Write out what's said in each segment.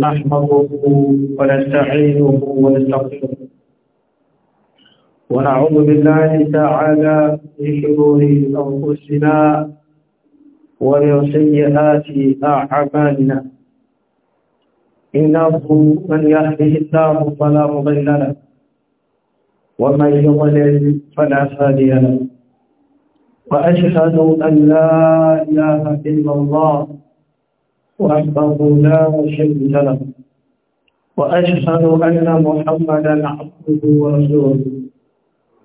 نحمده ونستعينه ونستغفره ونعوذ بالله تعالى من شرور انفسنا ومن سيئات اعمالنا انه من يهده الله فلا مضل له ومن يضلل فلا هادي له واشهد ان لا اله الا الله وحده لا شيء له وأشهد أن محمدا عبده ورسوله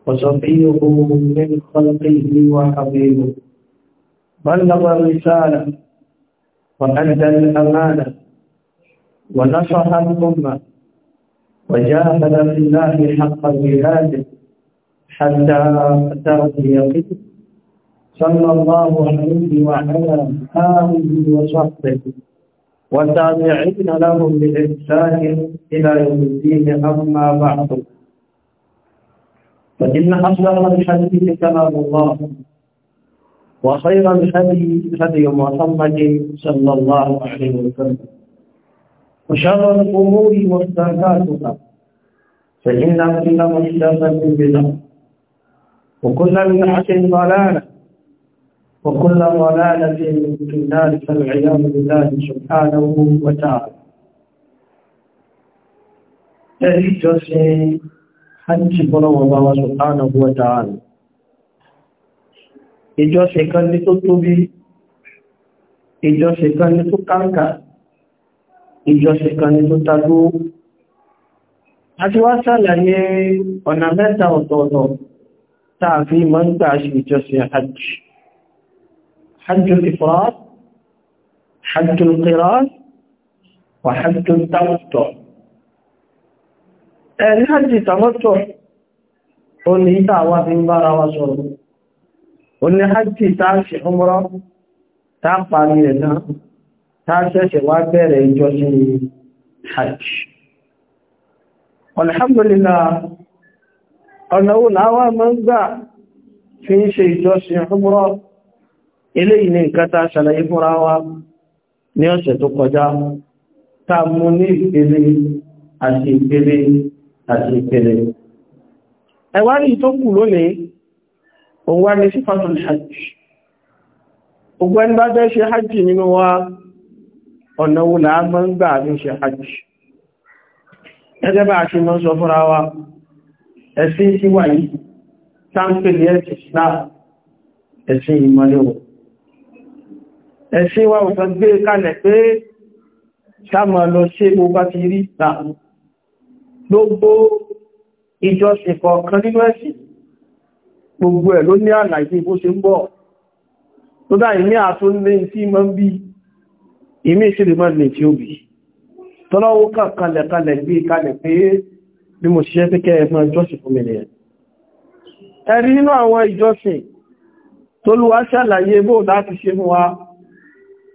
وصفيه من خلقه وحبيبه بلغ الرسالة وأدى الأمانة ونصح الأمة وجاهد في الله حق جهاده حتى أتاه اليقين صلى الله عليه وعلى آله وصحبه وتابعين لهم بإحسان إلى يوم الدين أما بعد فإن أصدق الحديث كلام الله وخير الهدي هدي محمد صلى الله عليه وسلم وشر الأمور محدثاتها فإن كل محدثة بدعة وكل بدعة ضلالة وكل ضلالة في النار فالعياذ بالله سبحانه وتعالى ẹ̀rí jọ ṣe hajji bọ́lọ̀wọ̀bá wa subhanahu wa ta'ala ìjọṣe kan ní tó tóbi ìjọṣe kan ní tó kánkà ìjọṣe kan ní tó tagó àti wá ṣàlàyé ọ̀nà mẹ́ta ọ̀tọ̀ọ̀tọ̀ táàfí mọ́ ń gbà ṣe ìjọṣe hajji حج الإفراد حج القراث وحج التمتع أهل حج التمتع قل لي دعوة من بارا وصول قل لي حج تعشي عمره تاقفى لي لنا تاسي سواكبير يجوزي حج والحمد لله قلنا أول هوا من ذا في شيء جوزي عمره eléyìí ni nǹkan tá ṣàlàyé fúnra wa ní ọ̀sẹ̀ tó kọjá tá mú ní ìpele àti ìpele àti ìpele ẹwárí tó kù lónìí òun wá ní sífàtún hajj ogun ẹni bá fẹ́ ṣe hajj nínú wa ọ̀nà wo là á mọ́ ń gbà ní ṣe hajj ẹgbẹ́ bá ṣe mọ́ sọ fúnra wa ẹ̀sìn sí wà yìí sáńpẹ̀lẹ̀ ẹ̀sìn ìsìlá ẹ̀ṣẹ́ wa ò sàn gbé kalẹ̀ pé sáàmà lọ ṣe gbogbo ti rí náà gbogbo ìjọsìn kọ̀ọ̀kan nínú ẹ̀sìn gbogbo ẹ̀ ló ní àlàyé bó ṣe ń bọ̀ tó dá ìní àtún ní tí mọ́ ń bí ìmí ìṣẹ́lẹ̀ mọ́ ní tí ó bí tọ́lọ́wọ́ kàkalẹ̀ kalẹ̀ gbé kalẹ̀ pé bí mo ṣiṣẹ́ pé kẹ́ẹ̀mọ́ ìjọsìn fún mi nìyẹn ẹ̀rí nínú àwọn ìjọsìn tó lúwa ṣàlàyé bóò láti ṣe fún wa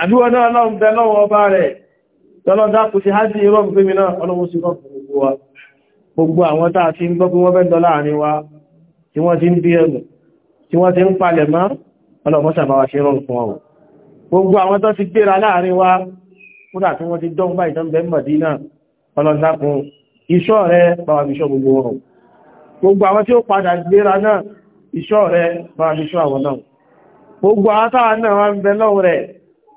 àdúwọ́ náà lọ́n bẹ lọ́wọ́ ọba rẹ̀ lọ́lọ́dá kò sí hajji irọ́ fúnmi náà ọlọ́wọ́ sí rọ́pù gbogbo wa gbogbo àwọn tàà tí ń gbọ́gbọ́ wọ́n bẹ́ dọ́lá àrin wa tí wọ́n ti ń bí ẹ̀rù tí wọ́n ti ń palẹ̀ mọ́ ọlọ́mọ́sàbáwà ṣe rọrùn fún ọ̀rọ̀ gbogbo àwọn tó ti gbéra láàrin wa kúrà tí wọ́n ti dọ́gbà ìdánbẹ̀ mọ̀dínà ọlọ́dákun iṣọ́ rẹ bàwàbíṣọ́ gbogbo ọ̀rọ̀ gbogbo àwọn tí ó padà gbéra náà iṣọ́ rẹ bàwàbíṣọ́ àwọn náà gbogbo àwọn táwà náà wá ń bẹ lọ́wọ́ rẹ̀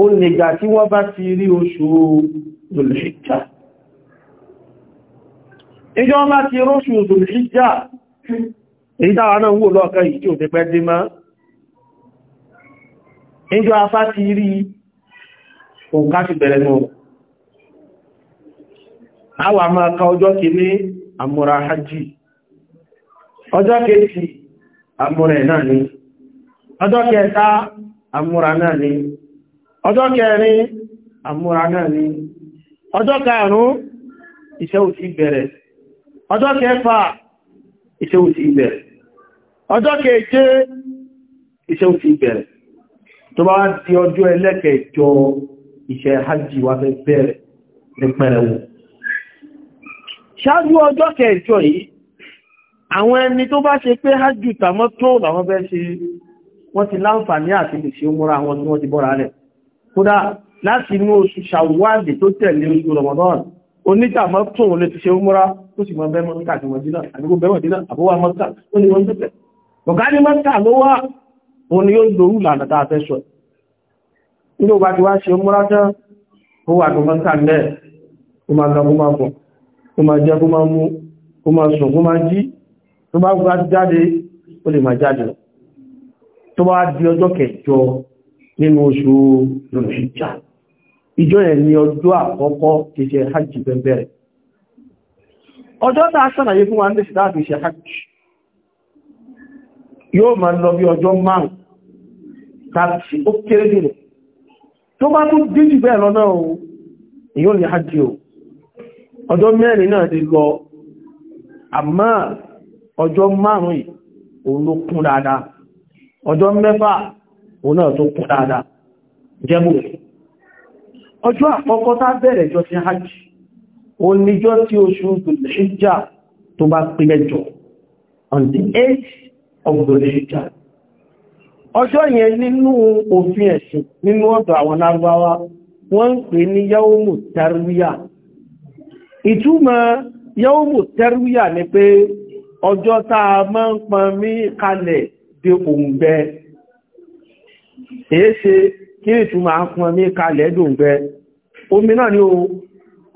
ó nìgbà tí wọ́n bá ti rí oṣù Zulhijjá ìjọ bá ti róṣù Zulhijjá èyí dáwà náà wò lọ́ọ̀kan yìí tí ò tẹ́pẹ́ dé máa ìjọ afá ti rí òǹkà ti bẹ̀rẹ̀ mọ́ àwà máa ka ọjọ́ kìíní àmúra hajji ọjọ́ kejì àmúra náà ni ọjọ́ kẹta àmúra náà ni ọjọ́ kẹrin àmúra náà ni ọjọ́ karùn-ún iṣẹ́ ò ti bẹ̀rẹ̀ ọjọ́ kẹfà iṣẹ́ ò ti bẹ̀rẹ̀ ọjọ́ keje iṣẹ́ ò ti bẹ̀rẹ̀ tó bá di ọjọ́ ẹlẹ́kẹjọ iṣẹ́ hajji wá fẹ́ bẹ̀rẹ̀ ní pẹ̀rẹ̀wò ṣáájú ọjọ́ kẹjọ yìí àwọn ẹni tó bá ṣe pé hajji tàmọ́ tó làwọn bẹ́ ṣe wọ́n ti láǹfààní àti lè ṣe ó tí wọ́n ti bọ́ra rẹ̀ kódà láti inú oṣù ṣàwádìí tó tẹ̀lé oṣù Ramadan onítàmọ́ tó lè ti ṣe múra tó sì mọ́ bẹ́mọ́ ní kàtí ni yóò lòrú lànà tàà fẹ́ sọ inú bá ti wá ṣe múra tán ó wà tó mọ́ta lẹ́ ó máa ga kó máa bọ̀ ó máa jẹ kó máa mú kó máa sùn kó máa jí tó bá gbá jáde ó lè máa jáde tó bá di ọjọ́ kẹjọ nínú oṣù lòlùṣìjà ìjọ yẹn ni ọjọ́ àkọ́kọ́ ti ṣe hajj bẹ̀rẹ̀ ọjọ́ tá a sàlàyé fún wa ní ṣe láti ṣe hajj yóò máa lọ bí ọjọ́ márùn tàbí ó kéré dìnà tó bá tún díjì bẹ́ẹ̀ lọ́nà o èyí ò ní hajj ọjọ́ mẹ́fà òun náà tó kú dáadáa jẹ́mù rẹ̀ ọjọ́ àkọ́kọ́ tá bẹ̀rẹ̀ jọ sí hajj o níjọ́ tí oṣù Dhul-Hijjah tó bá pé mẹ́jọ on the 8th of Dhul-Hijjah ọjọ́ yẹn nínú òfin ẹ̀sìn nínú ọ̀dọ̀ àwọn Lárúbáwá wọ́n ń pè ní yawmu tarwiya ìtumọ̀ yawmu tarwiya ni pé ọjọ́ tá a máa ń pọn mí kalẹ̀ de òǹgbẹ èé ṣe kí ìtumọ̀ pọn ní kalẹ̀ dùngbẹ omi náà ni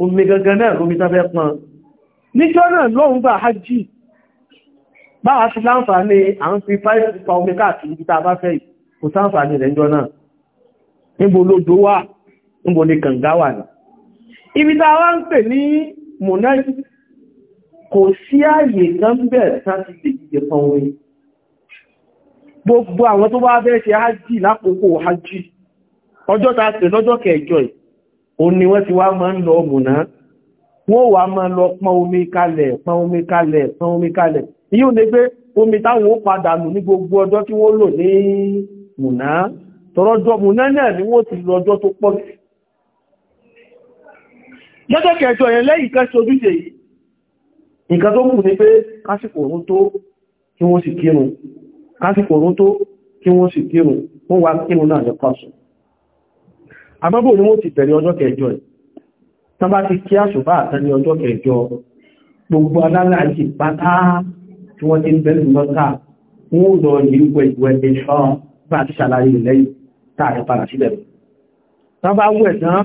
omi gangan náà lómi tọ́fẹ́ pọn níjọ́ náà lọ́hun gbà hajji bá a ti láǹfààní à ń fi pa omi káàkiri ibi tá a bá fẹ́ kò sáǹfààní rẹ̀ níjọ́ náà níbo lódó wà níbo ni kànga wà ní ibi a wá ń pè ní mùnáì kò sí ààyè kan bẹ̀rẹ̀ sáà gbogbo àwọn tó bá fẹ́ ṣe hajji lákòókò hajji ọjọ́ ta ṣe lọ́jọ́ kẹjọ ì o ni wọ́n ti wá máa ń lọ mùná wọ́n wá máa lọ pọn omi kalẹ̀ pọn omi kalẹ̀ pọn omi kalẹ̀ yíò ní pé omi táwọn ó padà nù ní gbogbo ọjọ́ tí wọ́n lò ní mùná tọrọjọ́ mùná náà ni wọ́n ti lọ tó pọ̀ sí lọ́jọ́ kẹjọ yẹn lẹ́yìn kan ṣojúṣe yìí nǹkan tó kù ni pé kásìkò òun tó kí wọ́n sì kírun kásìkò orún tó kí wọ́n sì kírun wọ́n wá kírun náà ní kọ́sù àbábò ni wọ́n ti bẹ̀rẹ̀ ọjọ́ kẹjọ ẹ̀ tán bá ti kí àṣùbá àtàn ní ọjọ́ kẹjọ gbogbo alálàájì pátá tí wọ́n ti ń bẹ̀rẹ̀ lọ́ta wọ́n lọ yìí wẹ̀ ẹ̀ṣọ́ bá ti ṣàlàyé lẹ́yìn táàrí padà sílẹ̀ tán bá wẹ̀ tán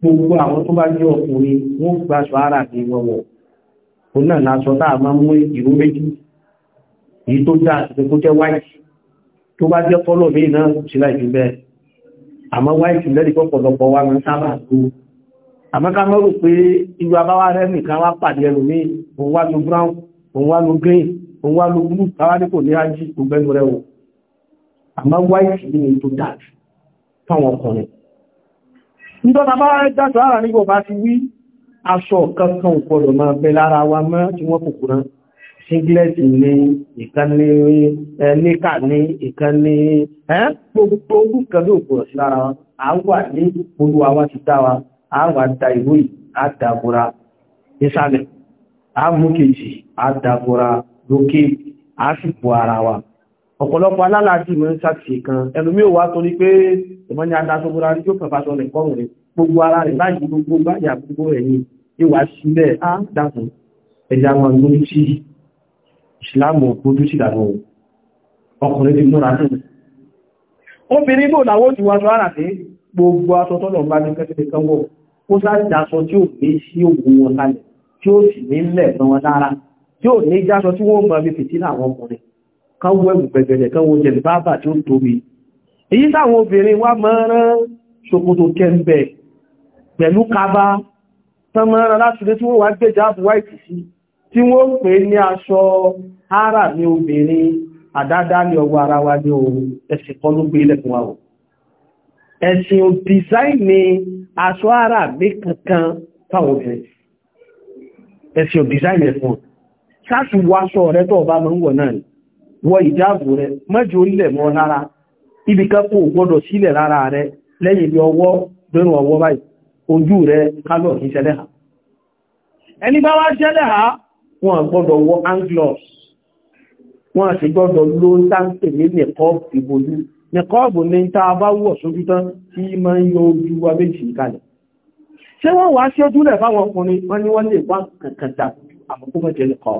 gbogbo àwọn tó bá jẹ́ ọkùnrin wọ́n èyí tó dá àti jẹ́ white tó bá jẹ́ kọ́lọ̀ mí náà sí láìjú bẹ́ẹ̀ àmọ́ white lẹ́rìí pọ̀pọ̀lọpọ̀ wa máa ń sábà tó àmọ́ ká mọ́ rò pé irú abáwá rẹ̀ nìkan wá pàdé ẹlòmí òun wá lu brown òun wá lu green òun wá lu blue káwá ní kò ní ájí white ní èyí tó dá fáwọn ọkùnrin nítorí abáwá rẹ̀ dá tó ara nígbà bá ti wí aṣọ kankan singlet ní ìkànnì níkà ní ìkànnì ẹ́ gbogbo nǹkan ló pọ̀ sí lára wọn a wà ní gbogbo àwa ti dá wa a wà da ìwé yìí a dàbòrà nísàlẹ̀ a mú kejì a dàbòrà lókè a sì bò ara wa ọ̀pọ̀lọpọ̀ alálàájì mọ́ ń sàtì kan ẹlòmí ò wá torí pé ìmọ́ ni adásọ́gbọ́ra rí yóò pẹ̀fà sọ́lẹ̀ kọ́rùn rẹ̀ gbogbo ara rẹ̀ báyìí gbogbo báyà gbogbo ẹ̀yìn ìwà sílẹ̀ á dàkùn ẹ̀dà mọ̀ lórí tí ìsìláàmù ojú sí ìdàgbò ọkùnrin ti múra náà obìnrin bò láwọ́ ti wájú ara sí gbogbo aṣọ tọ́lọ̀ bá ní kẹ́kẹ́ kánwọ́ ó sáàtì aṣọ tí ò ní sí ògùn wọn kalẹ̀ tí ó sì ní lẹ̀ tán wọn lára tí ò ní jáṣọ tí wọ́n mọ̀ bí fìtí láwọn ọkùnrin kánwọ́ ẹ̀bù gbẹ̀gbẹ̀rẹ̀ kánwọ́ jẹ̀ bábà tí ó tóbi èyí táwọn obìnrin wá mọ́rán ṣòkòtò kẹ́ńbẹ̀ pẹ̀lú kaba tán mọ́rán láti lé tí wọ́n wá gbèjà àbúwá ìtìsí tí wọ́n ń pè ní aṣọ ara ní obìnrin àdádá ní ọwọ́ ara wa ní ohun ẹ̀sìn kan ló gbé ilẹ̀kùn wa wọ̀ ẹ̀sìn ò dìsáìnì aṣọ ara mi kankan fáwọn obìnrin ẹ̀sìn ò dìsáìnì ẹ̀fún sáàsì wọ aṣọ rẹ tó ọba ń wọ̀ náà wọ rẹ mọ́jọ orílẹ̀ mọ́ ibi kan kò gbọ́dọ̀ sílẹ̀ rẹ lẹ́yìn bí ọwọ́ ọwọ́ báyìí ojú rẹ kálọ̀ ṣẹlẹ̀ ha ẹni bá wá wọ́n gbọ́dọ̀ wọ anglos wọ́n sì gbọ́dọ̀ ló ń táǹtẹ̀ ní nìkọ́ọ̀bù ìbojú nìkọ́ọ̀bù ní tá a bá wọ̀ sójú tí ma ń yọ ojú wa méjì kalẹ̀ ṣé wọ́n wá sí ojúlẹ̀ fáwọn ọkùnrin wọ́n ní wọ́n lè wá kankan dà àmọ́kó mẹ́jẹ nìkọ́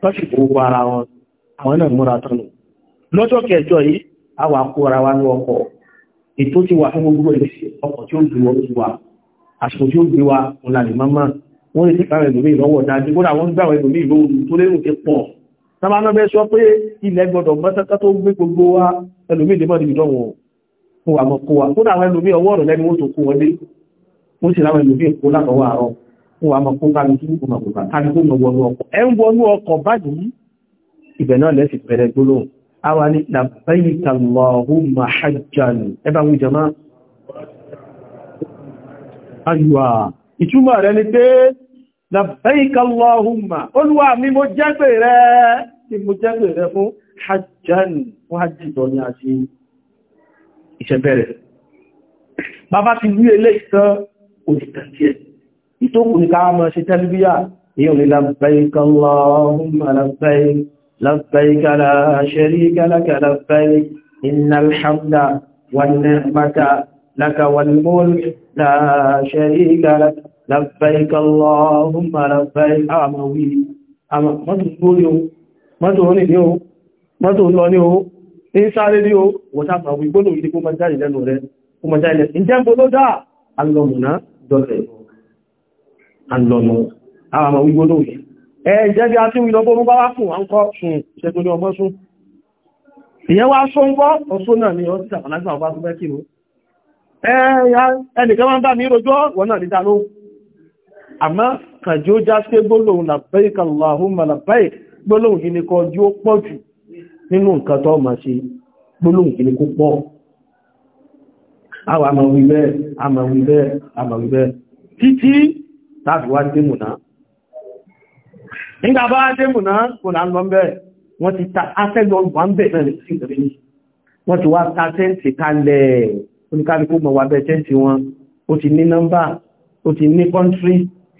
tọ́sì gbogbo ara wọn àwọn náà múra tán lọ lọ́jọ́ kẹjọ wa ní ọkọ̀ ètò ti wà fún gbogbo ìṣẹ́ ọkọ̀ tí ó wọ́n lè síkà ẹ̀lòmí ìlọ́wọ́ dájú kó náà wọ́n ń gbàwẹ̀ ìlòmí ìlòwò tó lérò pé pọ̀ sábà náà bẹ́ sọ pé ilẹ̀ gbọdọ̀ mọ́sẹ́ká tó gbé gbogbo wa ẹlòmí ìdẹ́mọ́ ìdí ìdọ́wọ̀ kó wà mọ́ kó wa kó náà ẹlòmí ọwọ́ ọ̀rọ̀ lẹ́ni wọ́n tó kó wọlé ó sì láwọn ẹlòmí èkó látọwọ́ àárọ̀ kó wà mọ́ kó kálukú kó mọ̀ kó kálukú mọ̀ ìtumọ̀ rẹ̀ ni pé labbaik Allahumma olúwa mi mo jẹ́gbẹ̀ rẹ̀ tí mo jẹ́gbẹ̀ rẹ̀ fún hajjan fún hajji tó ní àti ìṣẹ̀bẹ̀rẹ̀ bàbá ti wí ilé ìtàn òṣìṣẹ́ ìtókù ní káà mọ́ ṣe tẹ́lúbíyà èyàn ni labbaik labbaik Allahumma labbaik àmà wí àmà mọ́tò gbórí o mọ́tò rìn ní o mọ́tò lọ ní o ní sáré ní o wọ́sàmà wí gbónà ìdí kó máa jáde lẹ́nu rẹ̀ kó máa jáde lẹ́nu ìjẹ́ gbónà dá alọ́mùná dọ́tẹ̀ alọ́mù àmà wí gbónà yìí ẹ jẹ́ a ti wí lọ bó bá wá fún wa ń kọ́ sùn ṣẹ́gun ní ọmọ sùn ìyẹn wá sọ ń gbọ́ ọ̀sọ́ náà ni ọdún ìsàkànlágbà ọba tó bẹ́ kí mú ẹ̀yà ẹnìkan máa ń àmọ́ kànjú já sí gbólóhùn labbaik Allahumma labbaik gbólóhùn yìí ni kọjú ó pọ̀ jù nínú nǹkan tó máa ṣe gbólóhùn yìí ni kó pọ̀ àwọn àmà wíbẹ́ àmà wíbẹ́ àmà wíbẹ́ títí tàbí wá démùná nígbà bá démùná kò náà lọ bẹ́ wọ́n ti ta afẹ́lọ wà ń bẹ̀ mẹ́rin sí ìrìn wọ́n ti wá ta tẹ́ǹtì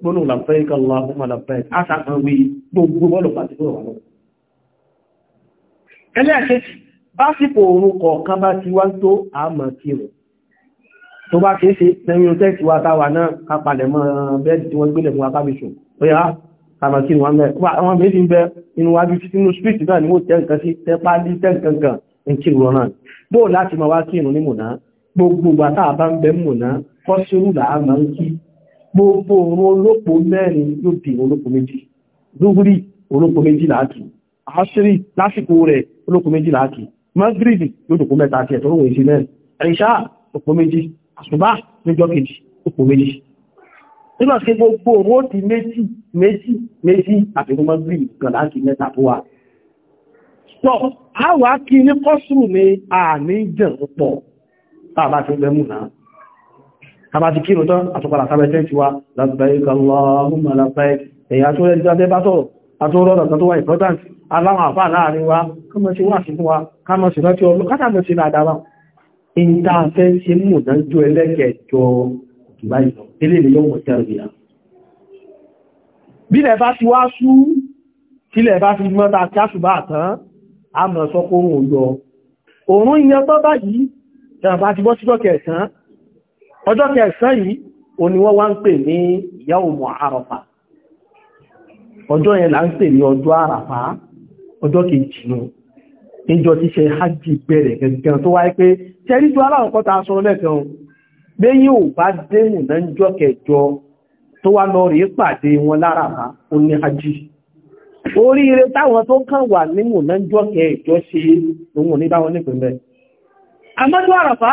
gbónú làbẹ́ẹ̀kà Allahumma làbẹ́ẹ̀kà aṣàkan wí gbogbo bọ́ọ̀lù pàtí fún ọ̀rọ̀ ẹlẹ́ẹ̀kejì básìkò oòrùn kọ̀ọ̀kan bá ti wá tó àmà kírùn tó bá kìí ṣe tẹ́yìn tẹ́ẹ̀tì wa táwà náà kápalẹ̀ mọ́ bẹ́ẹ̀dì tí wọ́n gbélẹ̀ fún akábíṣù bóyá àmà kírùn wọn mẹ́rin wọn méjì ń bẹ inú wájú títí inú spíìtì náà ni ó tẹ́ nǹkan sí tẹ́pálí tẹ́ nǹkan gan ń kírùn náà bóò láti máa wá kírùn ní mùná gbogbo wa táà bá ń bẹ mùná fọ́sírù làá máa ń kí gbogbo òun olópo mẹ́rin yóò di olópo méjì dúgúrí olópo méjì láàkì àṣírí lásìkò rẹ̀ olópo méjì láàkì magrib yóò dòkó mẹ́ta àti ẹ̀tọ́ òun èsì mẹ́rin ẹ̀ṣá òpó méjì àṣùbá níjọ́ kejì òpó méjì nígbà tí gbogbo òun ó di méjì méjì méjì àfikún magrib kan láàkì mẹ́ta tó wà sọ àwà kí ní kọ́sùrù ni àníjàn pọ̀ tá a bá ti gbẹ́mù náà kàbá ti kírò tán àtọ́pàdà sábẹ̀tẹ́ ti wá labbaik Allahumma labbaik èyà tó rẹ̀ jáde bá tọ́rọ̀ àtọ́rọ̀ ọ̀tọ́ tó wà important aláwọn àfà láàrin wa kọmọ̀ sí wà sí fún wa kọmọ̀ sí rántí ọlọ́ kátàbẹ̀ sí ládára ìntàfẹ́ sí mú dájú ẹlẹ́kẹ̀ẹ́jọ ìgbáyìí ilé ìlú ọmọ ọjọ́ kẹsàn yìí o ni wọ́n wá ń pè ní yawmu àrọ̀fà ọjọ́ yẹn là ń pè ní ọjọ́ àràfà ọjọ́ kejì nù níjọ tí ṣe hajj bẹ̀rẹ̀ gẹ̀gẹ̀ tó wáyé pé tẹ́ríjú aláwọ̀kọ́ ta sọ lẹ́kan bẹ́yìn ò bá dénù lẹ́jọ́ kẹjọ tó wá lọ rí pàdé wọn láràfà ó ní hajj oríire táwọn tó kàn wà nímù lẹ́jọ́ kẹjọ ṣe òun ò nípìnlẹ̀ àmọ́jọ́ àràfà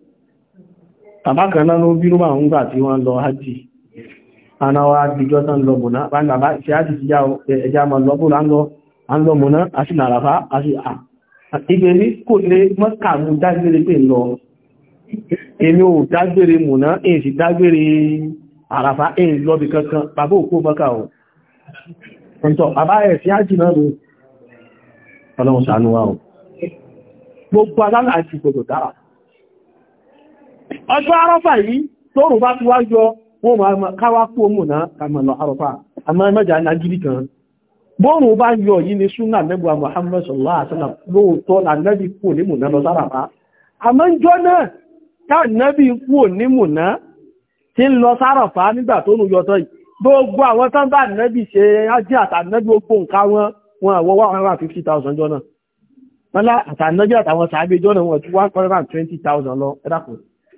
bàbá kan náà ló bírú bá ń gbà tí wọ́n lọ hajji àna wa dìjọ́ tán lọ mọ̀ná bàbá ṣe á ti ti ẹja ma lọ bóòlá ń lọ mọ̀ná àti nàràfá àti à ìgbèrí kò lè mọ́kà mú dágbére pé lọ èmi ò dágbére mọ̀ná èyí sì dágbére àràfá èyí lọ́bì kankan bàbá òkú bọ́kà ọ̀ ǹtọ́ bàbá ẹ̀ sí ájì náà lọ ọlọ́run ṣàánú wa ọ̀ gbogbo alálàájì gbogbo dára ọjọ́ arọ́fà yìí tó rùn bá ti wá yọ wọ́n ma káwá kú omù náà kàmọ̀ lọ arọ́fà àmọ́ ẹmẹ́jà ní agírí kan bọ́ọ̀rùn bá yọ yìí ni súnà nẹ́gbà Muhammad sallallahu alaihi wasallam lóòótọ́ là nẹ́bí kú ní mùná lọ sáràfà àmọ́ ń jọ náà ká nẹ́bí kú ní mùná tí ń lọ sáràfà nígbà tó rùn yọtọ́ yìí gbogbo àwọn tán bá nẹ́bí ṣe ájí àtànẹ́bí gbogbo nǹkan wọn wọn àwọ́ 150,000 jọ náà wọ́n lá àtànẹ́bí àtàwọn sàábé jọ náà wọ́n ju 120,000 lọ ẹ̀dàkùn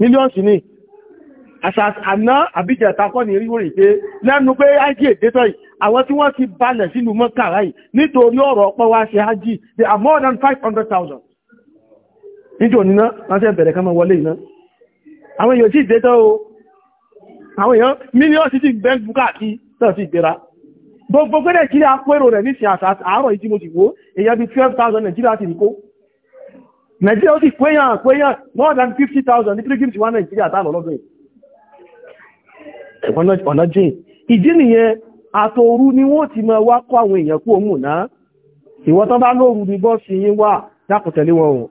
mílíọ̀nsì ní àṣàṣàná àbíjẹ̀ ìtakọ́ ní ríwò rí pé lẹ́nu pé ájí èdétọ́ yìí àwọn tí wọ́n ti balẹ̀ sínú mọ́kàrá yìí nítorí ọ̀rọ̀ ọpọ́ wá ṣe ájí they are more than 500,000 níjò níná ránṣẹ́ bẹ̀rẹ̀ kan mọ́ wọlé iná àwọn èèyàn sì détọ́ o àwọn èèyàn mílíọ̀nsì ti gbẹ́ bukaki náà sì gbéra gbogbo gbé nàìjíríà pérò rẹ̀ nísìn àṣà àárọ̀ yìí tí mo ti wò èèyàn bí 12,000 nàìjíríà ti rí Nàìjíríà ó sì péyàn péyàn more than 50,000 ní pilgrims wá Nàìjíríà táàmù lọ́dún yìí. Ọ̀nà jìn. Ìdí nìyẹn àtòru ni wọ́n ti máa wá kọ́ àwọn èèyàn kú òmù náà. Ìwọ́n tán bá lóòrù ní bọ́ọ̀sì yín wà dákùtẹ̀lé wọn o.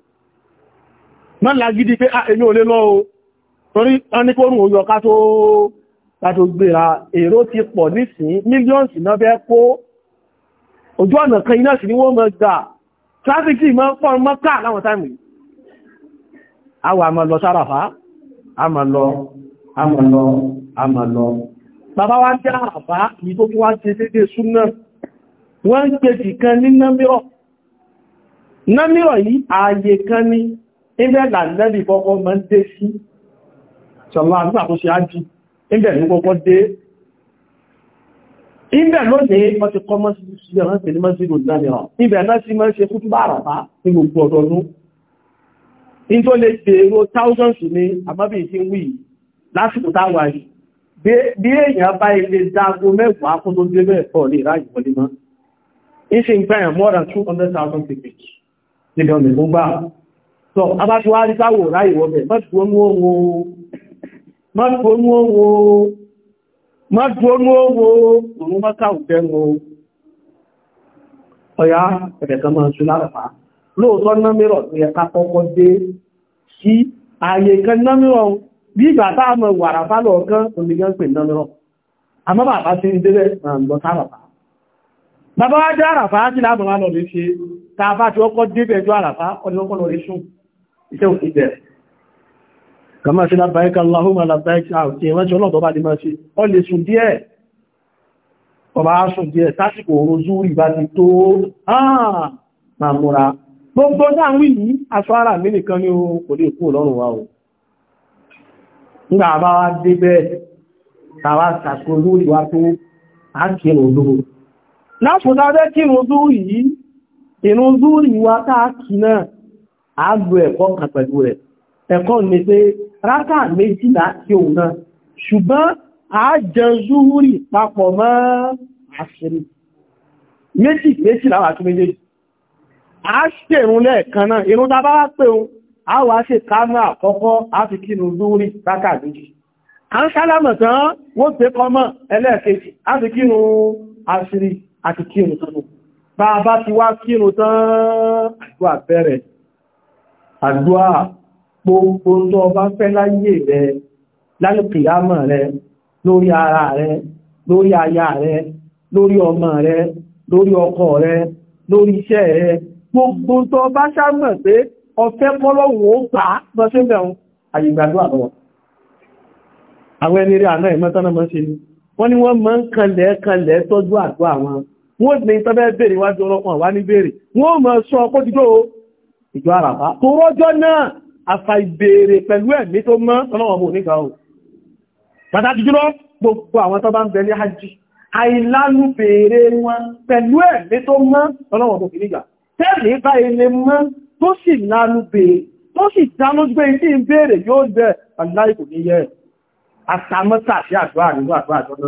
Má lágídí pé a ah, èmi ò lè lọ o. Torí wọ́n ní kórùn òyọ ká tó ká tó gbéra èrò ti pọ̀ nísìn mílíọ̀nsì náà fẹ́ kó. Ojú ọ̀nà kan iná sì ni wọ́n máa gbà tráfíkì mọ́ pọ̀ mọ́ káà láwọn táìmì àwọ̀ àmà lọ sárafa àmà lọ àmà lọ àmà lọ bàbá wá jẹ́ àràfá ní tó kí wá ṣe dédé súnmọ́ wọ́n ń pè jì kan ní námírọ̀ námírọ̀ yìí ààyè kan ní ilẹ̀ lànẹ́bì kọ́kọ́ mọ́ dé sí sọ̀lọ́ àgbà tó ṣe ájú ilẹ̀ ní kọ́kọ́ ìbẹ̀ lónìí wọ́n ti kọ́ mọ́sílẹ̀ ránṣẹ́ ní mọ́sílẹ̀ ìdámìíràn ìbẹ̀ náà sí máa ń ṣe kútúbà àràfá ní gbogbo ọdọọdún in tó lè gbèrò thousands ní àmábì ìsìn wí lásìkò táwà yìí bí èèyàn bá ilé dágún mẹ́wàá kó tó dé mẹ́ẹ̀kọ́ in ṣe ń gbẹ̀yàn more than 200,000 tickets níbi ọ̀nà ìgbógbà so abájúwárí má dúnú owó òun mọ́ká òfẹ́ mọ́ ọ̀yá ẹ̀ẹ̀kan máa ṣú lárọ̀pá lóòtọ́ námírọ̀ tó yẹ ká kọ́kọ́ dé sí ààyè kan námírọ̀ bí ìgbà táà mọ̀ wàrà fálọ̀ kan onígan pè námírọ̀ àmọ́ òfin bẹ̀rẹ̀ kàmá sí lábáyíká aláhùnmà lábáyíká àti ìrántí ọlọ́dọ̀ bá lè máa ṣe ọ lè sùn díẹ̀ ọba sùn díẹ̀ tásìkò orozú rí bá ti tó máa múra gbogbo dáwí yìí aṣọ ara mi nìkan ni kò lè kú lọ́rùn wa o nígbà bá wá débẹ̀ tàwa sàkó lórí wa tó á kírun olóró láfùdá bẹ́ kírun zúrì yìí ìrun ẹ̀kọ́ ni pé rákà méjìlá tí òun náà ṣùgbọ́n àájẹ zúúrì papọ̀ mọ́ àṣírí méjì méjìlá wà tún méjèèjì a ṣe ìrun lẹ́ẹ̀kan náà ìrun tá bá wá pé òun a wà ṣe kámọ́ àkọ́kọ́ a fi kínú zúúrì rákà méjì a ń sálámọ̀ tán wọ́n pé kọmọ́ ẹlẹ́ẹ̀kejì a fi kínú àṣírí àti kínú tán bá a bá ti wá kínú tán àdúà bẹ̀rẹ̀ àdúà gbogbo tó ọba fẹ́ láyé rẹ lálùkìyámọ̀ rẹ lórí ara rẹ lórí aya rẹ lórí ọmọ rẹ lórí ọkọ rẹ lórí iṣẹ́ rẹ gbogbo tó ọba sáàmọ̀ pé ọfẹ́ mọ́lọ́wọ́ gbà mọ́sílẹ̀un àyígbàdó àlọ́wọ́ àwọn ẹni rí àná ìmọ́tánà mọ́ sí ni wọ́n ni wọ́n mọ́ ń kanlẹ̀ kanlẹ̀ tọ́jú àdó àwọn wọ́n ní tọ́bẹ́ bèèrè wájú ọlọ́pàá wá ní bèèrè wọ́n mọ́ sọ ọkọ́ dídó ìjọ àràbá tó rọ́jọ́ náà afa ìbéèrè pẹ̀lú ẹ̀mí tó mọ́ ọlọ́wọ̀n mò níkà ò pàtàkì jùlọ gbogbo àwọn tó bá ń bẹ ní hajji àìlánú béèrè wọn pẹ̀lú ẹ̀mí tó mọ́ ọlọ́wọ̀n mò níkà tẹ́lẹ̀ bá ilé mọ́ tó sì lánú béèrè tó sì dánú gbé ilé ìbéèrè yóò jẹ́ aláìkò ní yẹ àtàmọ́tà sí àdúrà nínú àdúrà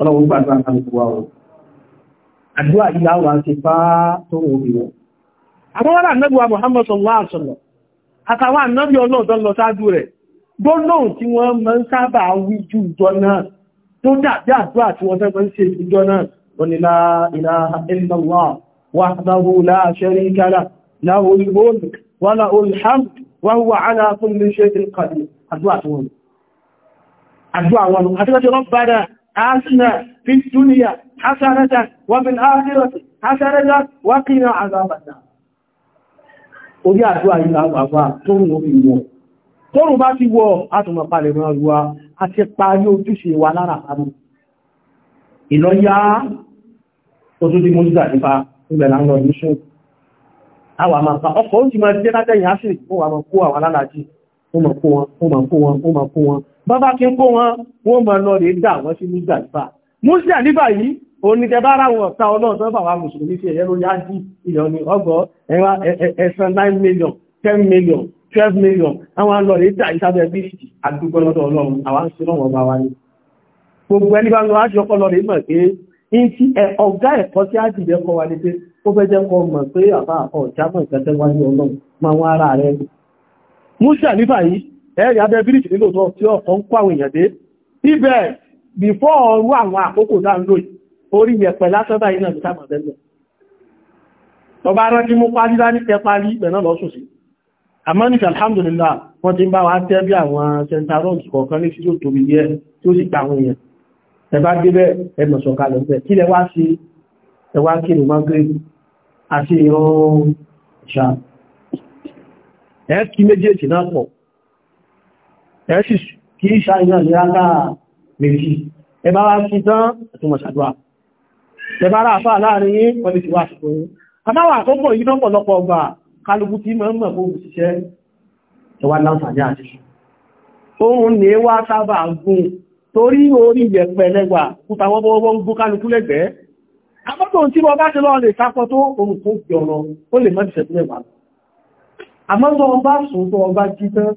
ọlọ́wọ́ gbàdúrà kálukú wa o àdúrà ìlà wa ti fá tó wò bí wọn àbọ́wọ́n ànábì wa Muhammad sallallahu alaihi wasallam àtàwọn ànábì ọlọ́ọ̀dọ́ lọ sáájú rẹ̀ gbónáhùn tí wọ́n máa ń sábà wí ju ìjọ náà tó dàbí àdúrà tí wọ́n fẹ́ máa ń ṣe ìjọ náà wọ́n ni la ilaha illallah wahdahu la sharika lahu lahul mulk wa lahul hamd wa huwa ala kulli shay'in qadir àdúrà tí wọ́n àdúrà wọn àti lọ́jọ́ rọ́bàdà آتنا في الدنيا حسنة وفي الآخرة حسنة وقنا عذاب النار orí àdúrà ìlà àbàbà tó ń wọ́n fi wọ́ tóòrùn bá ti wọ́ átùmọ̀ palẹ̀ mọ́ ìwà àti parí ojúṣe wa lára àmì ìlọ́yá oṣù tí mo jíjà nípa ìgbẹ̀lá ń lọ ìṣẹ́ àwà máa pa ọkọ̀ ó ti máa jẹ́ látẹ̀yìn bàbá kí ń kó wọn wọ́n mọ̀ lọ rẹ̀ dà wọ́n sí ní gbàgbà múṣíà nígbà yìí oníjẹbá ráwọn ọ̀tá ọlọ́ọ̀tọ́ bàbá mùsùlùmí sí ẹ̀yẹ́ lórí ájí ìyọ̀ni ọgbọ̀ ẹ̀sán 9 million 10 million 12 million àwọn alọ́rẹ̀ dà ìsábẹ̀ bíríkì àdúgbò lọ́dọ̀ ọlọ́run àwọn ń sinú wọn bá wá ní gbogbo ẹni bá ń lọ ájí ọkọ lọ́rẹ̀ mọ̀ pé in ti ọ̀gá ẹ̀kọ́ tí ájí bẹ́ kọ́ wa ní pé ó fẹ́ jẹ́ kọ́ mọ̀ pé àbá ọ̀já mọ̀ ìkẹtẹ́ wájú ọlọ́run máa wá ara rẹ̀ ẹ̀rì abẹ́ bíríkì nílò tó tí ọkọ̀ ń pàwọn èèyàn dé ibẹ̀ bìfọ́ ọrú àwọn àkókò dáńlò orí yẹ̀pẹ̀ lásọ́bà iná ló sáàmà bẹ́lẹ̀ tọba rántí mú parí láti tẹ parí ibẹ̀ náà lọ́sùn sí amánìkà alhamdulillah wọ́n ti ń bá wa tẹ́ bí àwọn centarons kọ̀ọ̀kan ní sísò tóbi yẹ tí ó sì pa àwọn èèyàn ẹ bá débẹ̀ ẹ mọ̀ sọ̀kalẹ̀ bẹ̀ kí lẹ wá sí ẹ wá kí ni magreth àti ìran ìṣà ẹ kí méjèèjì náà pọ̀ ẹ̀ṣì kí ìṣà iná ìrákà méjì ẹbá wá sí tán ẹ̀tùmọ̀ ṣàdúwà ẹbá rà fà láàrin yí pẹ̀lú ti wá ṣùgbò yí àbáwà tó pọ̀ yí lọ́pọ̀lọpọ̀ ọgbà kálukú tí mọ́ mọ̀ fún òṣìṣẹ́ ẹwà láǹfààní àti ohun ní wá sábà gùn torí orí ìyẹ̀pẹ̀ lẹ́gbà kúta wọ́n bọ́ wọ́n gún kálukú lẹ́gbẹ̀ẹ́ àbọ́tò tí wọ́n bá ti lọ lè sápọ̀ tó ohun tó gbẹ̀ọ̀nà ó lè mọ́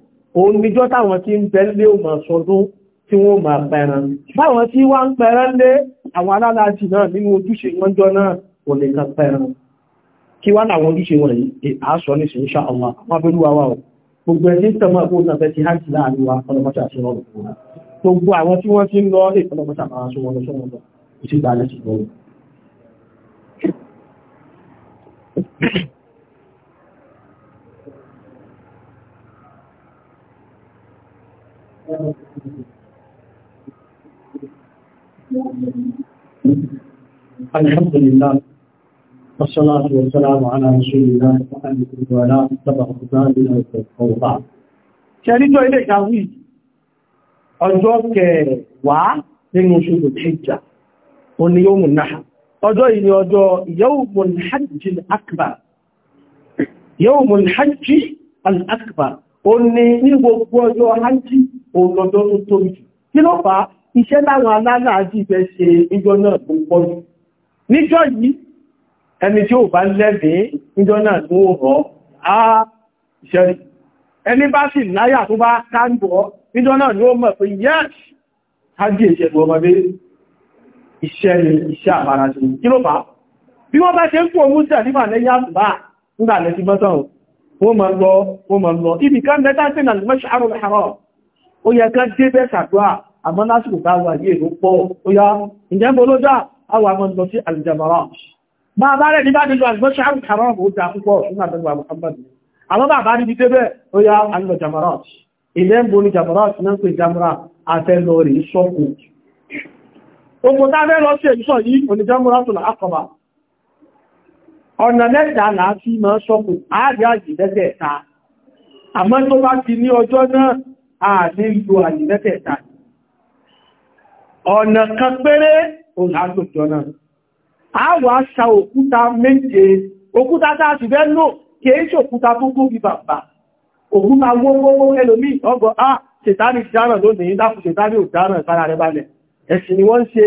òun níjọ́ táwọn tí ń tẹ́lé ò máa sọdún tí wọ́n máa pẹran báwọn tí wá ń pẹran lé àwọn alálàájì náà nínú ojúṣe wọ́njọ́ náà kò lè kan pẹran kí wá láwọn ojúṣe wọ́n yìí àásọ ní ṣe àwọn abẹ́lúwa wà ó gbogbo ẹni tẹ́mọ̀ ẹ̀kọ́ náà fẹ́ ti hajj láàrin wa ọlọ́mọ́sà sí wọn gbogbo àwọn tí wọ́n ti ń lọ ìfọlọ́mọ́sà máa sọ الحمد لله والصلاة والسلام على رسول الله وعلى اله وصحبه وسلم وبعد شاريتو إليك عزيز أجوك وعا nínú الحجة tíjà يوم النحر yóò mún náà ọjọ́ ìní ọjọ́ yawmul hajji ó ní ní gbogbo ọjọ́ hajji òǹlọ́jọ́ tó tóbi jù kí ló fà á iṣẹ́ láwọn alálàájì fẹ́ ṣe ìjọ náà tó pọ̀ jù níjọ́ yìí ẹni tí ó bá lẹ́bẹ̀ẹ́ ìjọ náà tó rọ̀ á ìṣẹ́rí ẹni bá sì láyà tó bá káńbọ̀ ìjọ náà ni ó mọ̀ pé yẹ́ṣ hajji ìṣẹ́gbù ọmọdé iṣẹ́ ni iṣẹ́ àbára sí kí ló fà bí wọ́n bá ṣe ń kú òmúṣẹ́ nígbà lẹ́yìn àtùbá nígbà lẹ́sí mọ́tọ̀rùn wọ́n ma lọ wọ́n ma lọ ibi ká mẹ́ta sí nà lọ́ṣà àrùn àrọ̀ ó yẹ ká dé bẹ́ sàdúrà àmọ́ lásìkò bá wà yìí ló pọ̀ ó yá ìjẹ́mbó ló dá àwọn àmọ́ lọ sí àlìjàmàrà máa bá rẹ̀ ní bá nílò àlìjàmàrà àrùn àrọ̀ ó dá púpọ̀ fún àdọ́gbà Muhammad àwọn bàbá níbi dé bẹ́ ó yá àlìjàmàrà ilẹ̀ ń bo ní jàmàrà ti náà pé jàmàrà afẹ́ lọ rí sọ́kù ogun tá fẹ́ lọ sí èyí sọ yìí oníjàmàrà tó là ákọ̀bà ọ̀nà mẹ́ta náà fi mọ́ sọ́kù ààrẹ àjìdẹ́tẹ̀ẹ̀ta àmọ́ tó bá ti ní ọjọ́ náà ààrẹ ìlú àjìdẹ́tẹ̀ẹ̀ta ọ̀nà kan péré òlàgbòjọ náà a wà sa òkúta méje òkúta táà ti fẹ́ lò kìí ṣe òkúta a ṣètàrí ìdáràn lónìí dákù ṣètàrí òdáràn ìfara ẹ̀sìn ni wọ́n ṣe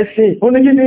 ẹ̀sìn onígíní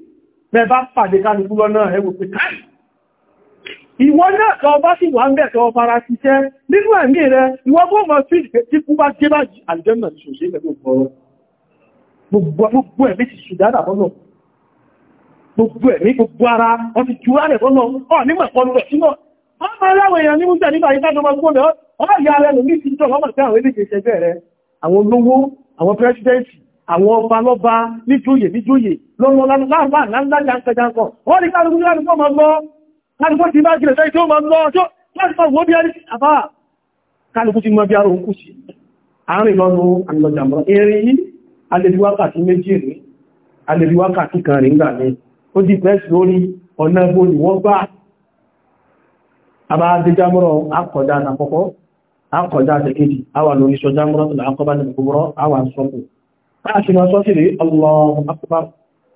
bẹ bá pàdé kálukú lọ́nà ẹwò pé káì ìwọ náà lọ bá sì wà ń bẹ̀ tọ́ fara ṣiṣẹ́ nínú ẹ̀mí rẹ ìwọ bó mọ̀ sí tí kú bá jẹ́ bájì àjẹ́mà ti ṣòṣe lẹ́gbẹ̀ ọ̀rọ̀ gbogbo ẹ̀mí ti ṣùdádà bọ́nà gbogbo ẹ̀mí gbogbo ara wọ́n ti jù rárẹ̀ bọ́nà ọ̀ nígbà pọ̀lú rẹ̀ sínú ọmọ aláwọ̀ èèyàn ní mújẹ̀ nígbà ìta tó máa gbọ́ mẹ́ ọ ìyá rẹ̀ lòmí ti jọ lọ́mọ̀ sí àwọn ilé ìṣẹ́gbẹ́ rẹ̀ àwọn olówó àwọn pírẹsidẹ́ntì àwọn ọba lọ́ba níjòyè níjòyè lọ́wọ́ láàrín láńláńlá jàǹkẹjàǹkọ̀ wọ́n ní kálùkù láàrínkọ́ ma lọ kálùkù ti máa gílẹ̀ tó ma lọ tó láàrínkọ́ wọ́n bí i àbá kálùkù ti mọ́ bí ara òun kù sí àárín lọ́nu àmìlọ́jàmọ́ erin yìí alẹ́bíwákàtí méjì rí alẹ́bíwákàtí kan rí ńgbà ní ó di pẹ́sì lórí ọ̀nà ẹgbò ni wọ́n gbà àbá adéjámọ́rọ̀ akọ̀dá àkọ́kọ́ akọ̀dá àtẹ̀kejì àwà lórí sọjámọ́rọ̀ àkọ́bá nìkúmọ́rọ̀ àwà sọ́kù láti máa sọ́sí rẹ̀ Allahu Akbar.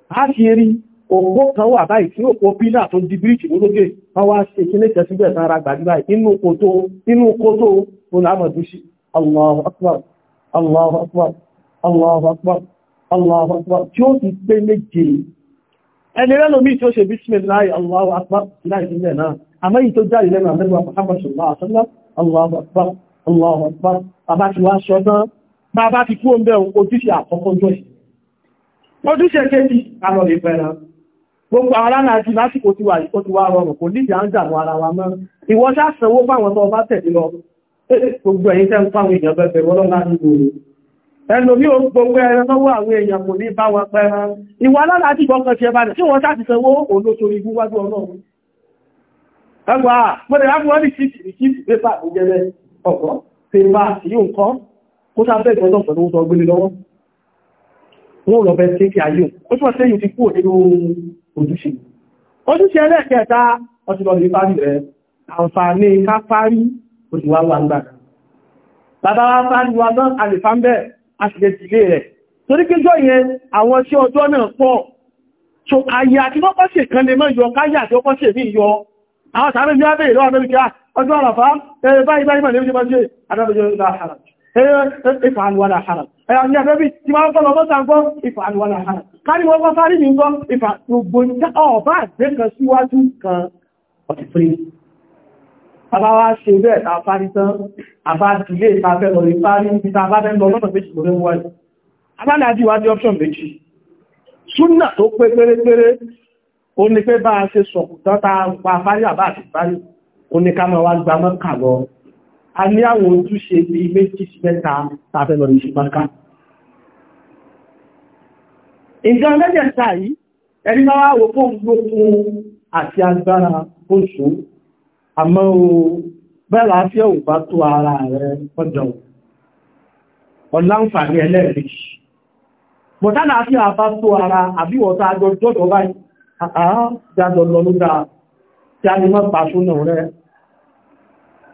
a ṣe rí òpó kan wà báyìí tí òpó pílà tó di bíríkì lórógé wọ́n wá ṣe kí ní tẹ̀síbẹ̀ tán ara gbàdí báyìí inú kòtò inú kòtò tó bàbá ti kú oúnjẹ ojúṣe àkọ́kọ́ jọ́sìn ojúṣe kéjì alọ́lẹ̀ fẹ́ra gbogbo ara náà ti lásìkò tí wà ìkọ́ ti wá rọrùn kò níjà ń jàmọ́ ara wa mọ́ ìwọ́n sá sanwó fáwọn tó bá tẹ̀lé lọ gbogbo ẹ̀yìn tẹ́ ń fáwọn èèyàn bẹ̀bẹ̀ wọ́n láti gbòòrò ẹnu bí o gbogbo ẹran lọ́wọ́ àwọn èèyàn kò ní bá wọn pẹ́ra ìwà alára àti ìgbọ́kan ti ẹbá tí wọ́n sá sanwó olóṣorí ibú ọlọ́run ẹgbà mọ́tẹ̀ láti wọ́n ní síìtì pépà kó sáfẹ́ ìtọ́jọ́ pẹ̀lú oúnjẹ ọgbẹ́lẹ̀ lọ́wọ́ wọ́n lọ bẹ́ sí kí ayé ó túnmọ̀ sẹ́yìn ti kúrò nínú ojúṣe ojúṣe ẹlẹ́ẹ̀kẹta ọtílọ́dún parí rẹ̀ àǹfààní ká parí òṣìwà wà ń gbàdà bàbá wa parí wa náà àlèfàmbẹ̀ àṣìlẹ̀sílé rẹ̀ torí kíjọ yẹn àwọn iṣẹ́ ọjọ́ náà pọ̀ so ayé àti kọ́kọ́ṣe kan lè mọ́ yọ káyà àti kọ́kọ́ṣe ní yọ àwọn sàárẹ̀ ní abẹ́ ìlú àmẹ́ríkà ọjọ́ àràfá ẹ̀rẹ̀ báyìí báyìí mọ̀ ní ọjọ́ àdábẹ̀jọ́ ìlà àràfá ìfààlù wàlà àhàrà ẹ̀yà ní ẹ̀fẹ́bí tí máa ń kọ́ lọ́mọ́ sàǹkọ́ ìfààlù wàlà àhàrà kárí wọ́n kọ́ sáré ní nǹkan ìfààlùgbò ọ̀bá àgbẹ́ kan síwájú kan ọ̀tí fún ní àbáwá ṣe bẹ́ẹ̀ ta fárí tán àbá dìlé ìtafẹ́ lọ rí fárí ní ta bá fẹ́ lọ lọ́nà méjì lórí wáyé abáláàdì wá di option méjì súnà tó pé pérépéré ó ní pé bá a ṣe sọ̀kùtán ta pa fárí àbá àti fárí ó ní ká máa wá gbámọ́ kà lọ a ní àwọn ojúṣe bí méjì sí mẹ́ta tàbẹ́ lọ ìṣẹ́ pàkà. ìjọ mẹ́jẹ̀ta yìí ẹni máa wá wò fún gbogbo àti agbára oṣù àmọ́ o bẹ́ẹ̀lá fẹ́ ò bá tó ara rẹ̀ pọ́jọ ọ̀láǹfààní ẹlẹ́rìí mọ̀tánà fí àbá tó ara àbíwọ̀ta agbọ́jọ́jọ́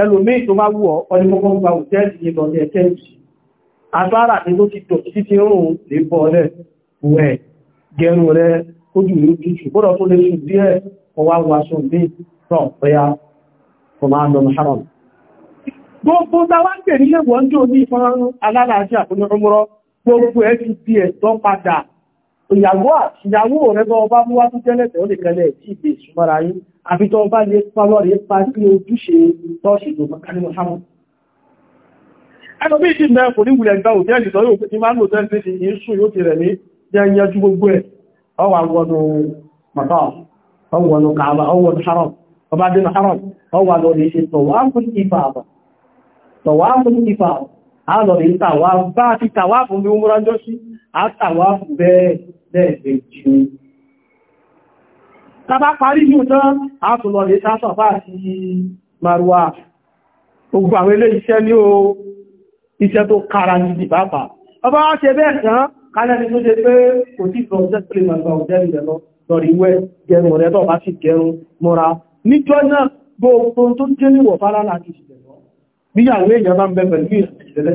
ẹlòmí tó máa wù ọ́ ọdún kọ́kọ́ gba òtẹ́ẹ̀lì ní lọ ní ẹ̀kẹ́ẹ̀kì agbára ni ló ti tò títí rùn lè bọ́ rẹ̀ wẹ̀ gẹrun rẹ̀ ojú ìlú tutù bọ́dọ̀ tó lè sùn díẹ̀ ọwá waṣọ ní tàn pẹ́yà command on haram gbogbo táwá ń pè ní ṣẹ́gbọ́n jò ní ìfọ́nrán alálàájá àkúnlẹ̀ ọmọrọ gbogbo ẹ̀ ti di ẹ̀tọ́ padà ìyàwó àtìyàwó rẹ̀ bọ́ ọba mú wá tún tẹ́lẹ̀tẹ̀ ó lè kẹlẹ̀ tí ìgbè ìṣúmọ́ra yìí àfi tọ́ ọba lè pàwọ́ rẹ̀ pa sí ojúṣe tọ́ọ̀ṣì tó mọ́ kánimọ̀ sáwọn ẹgbẹ́ ìṣì mẹ́ kò ní wùlẹ̀ gbá òtẹ́ẹ̀lì tọ́ yóò fi máa ń lò tẹ́lẹ̀ sí ìṣù yóò ti rẹ̀ ní jẹ́yẹjú gbogbo ẹ̀ ọwà wọnú mọ̀tọ́ ọwọ̀nù kààbà ọwọ̀nù haram ọba dínà haram ọwà lọ rí ṣe bá ti tàwà fún bí ó múra jọ sí àtàwà bẹ́ẹ̀ lẹ́ẹ̀kejì ni tàbá parí ní ọjọ́ àtùlọ̀ lè sáfà bá àti Marwa ogun àwọn ilé iṣẹ́ ní o iṣẹ́ tó kára ní ìdí bàbà ọba wá ṣe bẹ́ẹ̀ sán kálẹ́ni tó ṣe pé kò tí lọ jẹ́ pé màgbà òjẹ́ ìrẹ̀ lọ lọ́rí wẹ́ gẹrun rẹ̀ tọ́ bá sì gẹrun mọ́ra níjọ́ náà gbogbo tó jẹ́ níwọ̀ fara láti ìṣẹ̀lẹ̀ lọ bí àwọn èèyàn bá ń bẹ pẹ̀lú ìṣẹ̀lẹ̀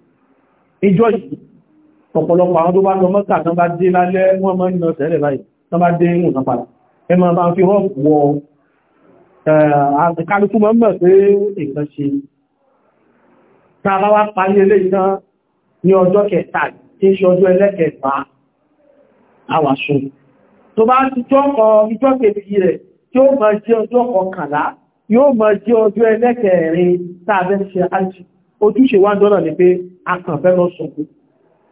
ìjọ yìí ọ̀pọ̀lọpọ̀ àwọn tó bá lọ mọ́ta tán bá dé lálẹ́ wọ́n mọ́ nínú tẹ́lẹ̀ báyìí tán bá dé ìrùn tán padà ẹ máa bá fi rọ́ọ̀pù wọ kálukú mọ́ mọ̀ pé nǹkan ṣe ta bá wá parí eléyìí tán ní ọjọ́ kẹta tí ṣe ọjọ́ ẹlẹ́kẹta àwàṣọ tó bá ti jọ́kọ̀ ìjọ́ kejì rẹ̀ tí ó mọ̀ jẹ́ ọjọ́ kọkànlá yóò mọ̀ jẹ́ ọjọ́ ẹlẹ́kẹrin tàbí ṣe àjì ojúṣe wá jọ́nà ni pé a kàn fẹ́ lọ sọ̀kú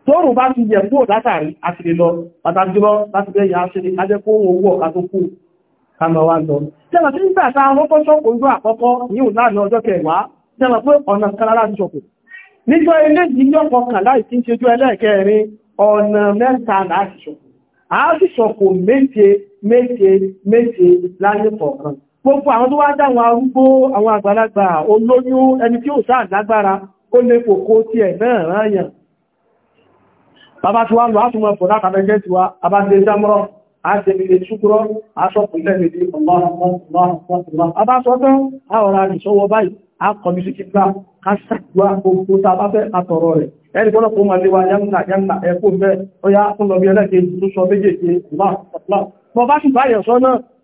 tóòrùn bá ti yẹ kúrò látàrí àti lè lọ pàtàkì lọ láti bẹ́ ya ṣe ní ajẹ́ kó owó ọ̀ká tó kú kàmọ̀ wá lọ jẹ́mọ̀ tí ń gbà ta ọkọ́ sọ́kù ojú àkọ́kọ́ ní òláàrin ọjọ́ kẹwàá jẹ́mọ̀ pé ọ̀nà kan láti sọ̀kù níjọ́ ilé ìjọ kọkàn láì tí ń ṣe jú ẹlẹ́ẹ̀kẹrin ọ̀nà mẹ́ta láti sọ̀kù a sì sọ̀kù méje méje méje láyé kọ̀ọ̀kan gbogbo àwọn tó wá dáwọn arúgbó àwọn àgbàlagbà olóyún ẹni tí ó sáà lágbára ó lè kòkó tí ẹ̀ náà ráyàn bàbá tí wá lọ átùmọ̀ fò látàbẹ́jẹ́ tí wá abájẹ́ ìdámọ́rọ̀ àṣẹ́bìlẹ̀ ṣúkúrọ́ aṣọ́pùlẹ̀ ẹni kó bẹ́ ọya fún lọ bí ẹlẹ́gbẹ̀ẹ́ méjèèjì ìgbà bá ṣùgbà yẹ̀ sọ náà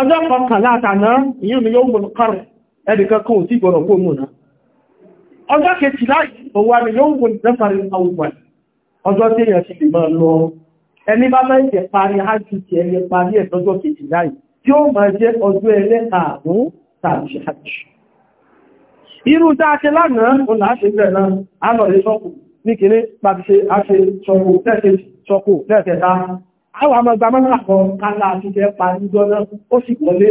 ọjọ́ kọkànlá àtàná ìyẹn mi yóò gbọ́nù kọrù ẹnìkan kan ò tí gbọ́nà kó múnà ọjọ́ kejìlá òwà mi yóò gbọ́nù dẹ́fàrí àwùwà ọjọ́ tí èyàn ti lè máa lọ ẹni bá máa ń jẹ parí ájú ti ẹyẹ parí ẹ̀ lọ́jọ́ kejìlá tí ó máa jẹ́ ọjọ́ ẹlẹ́kààrún tàbí hajj irú tá a òun là á ṣe bẹ̀rẹ̀ náà á lọ lè sọ́kù àwọn àmọ́ ìgbà mọ́sán àkọ́ kálá àti jẹ́ pa ní gọ́nà ó sì wọlé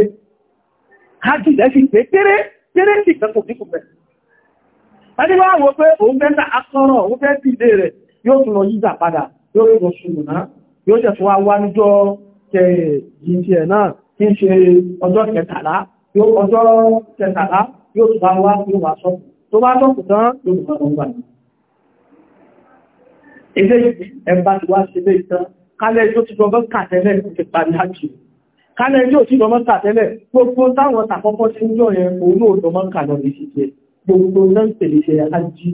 káàkì lẹ́sì pé tẹ́rẹ́ tẹ́rẹ́ sì kẹ́kọ̀ọ́ ní kùnbẹ̀. adíwá wọ pé òun mẹ́ta akọ́rọ̀ ó fẹ́ dìde rẹ̀ yóò tún lọ yíjà padà yóò rọ̀ ṣùgbọ́n yóò jẹ́ fún wa níjọ́ kẹjìntìẹ̀ náà kí ń ṣe ọjọ́ kẹtàlá yóò ọjọ́ kẹtàlá yóò tún bá wá yóò wá sọ tó bá sọ kùtán yóò tún bá wọn gbà kálẹ̀ tó ti gbọmọ́ kàtẹ́lẹ̀ ti kálẹ̀ yóò ti gbọmọ́ kàtẹ́lẹ̀ gbogbo táwọn tàkọ́kọ́ sí jọ yẹn òun tọmọ́ kàlọ̀ ní ṣe hajji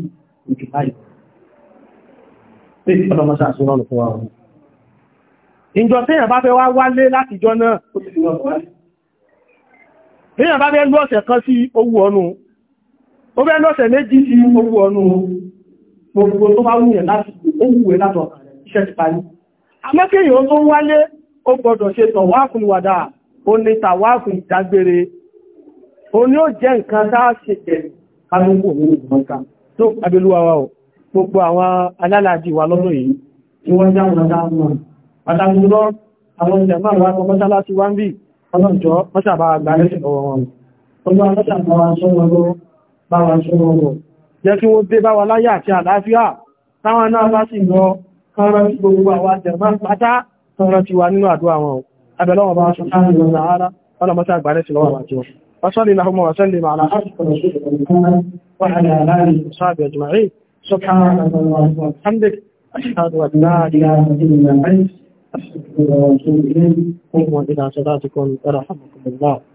òkè báyìí ìjọ téèyàn gbogbo tó bá wúyẹ̀ láti owó ẹ̀ látọ̀ iṣẹ́ ti parí amẹ́kẹ̀yàn tó wálé ó gbọdọ̀ ṣe tọ̀wáfún wàdà ó ní tàwáfún ìdágbére ó ní ó jẹ́ nǹkan tá ṣe jẹ́ alógbò nínú nǹkan tó abẹ́lúwàwà ò gbogbo àwọn alálàájì wà lọ́dọ̀ yìí tí wọ́n já wọn dáwọn àtàkùnlọ àwọn ìjẹ̀mọ́ àwọn akọmọ́sálá ti wá ọlọ́jọ́ mọ́sàbà àgbàlẹ́sẹ̀ ọwọ́ wọn ọjọ́ mọ́sàbà wọn sọ́wọ́ bá wọn sọ́wọ́ lọ́wọ́ jẹ́ kí wọ́n dé bá wa láyé àti àlàáfíà táwọn náà bá sì lọ kọ́rántí gbogbo àwọn jẹ̀mọ́ pátá kọ́rántí wa nínú àdúrà wọn الله bá ṣe káàkiri lọ́nà ara wọ́nà mọ́ta àgbàrẹ́ sí lọ́wọ́ àjọ وصلي اللهم وسلم على حسن رسولك وعلى آله وصحبه أجمعين سبحانك اللهم وبحمدك أشهد أن لا إله إلا أنت أستغفرك وأتوب إليك قوموا إلى صلاتكم ورحمكم الله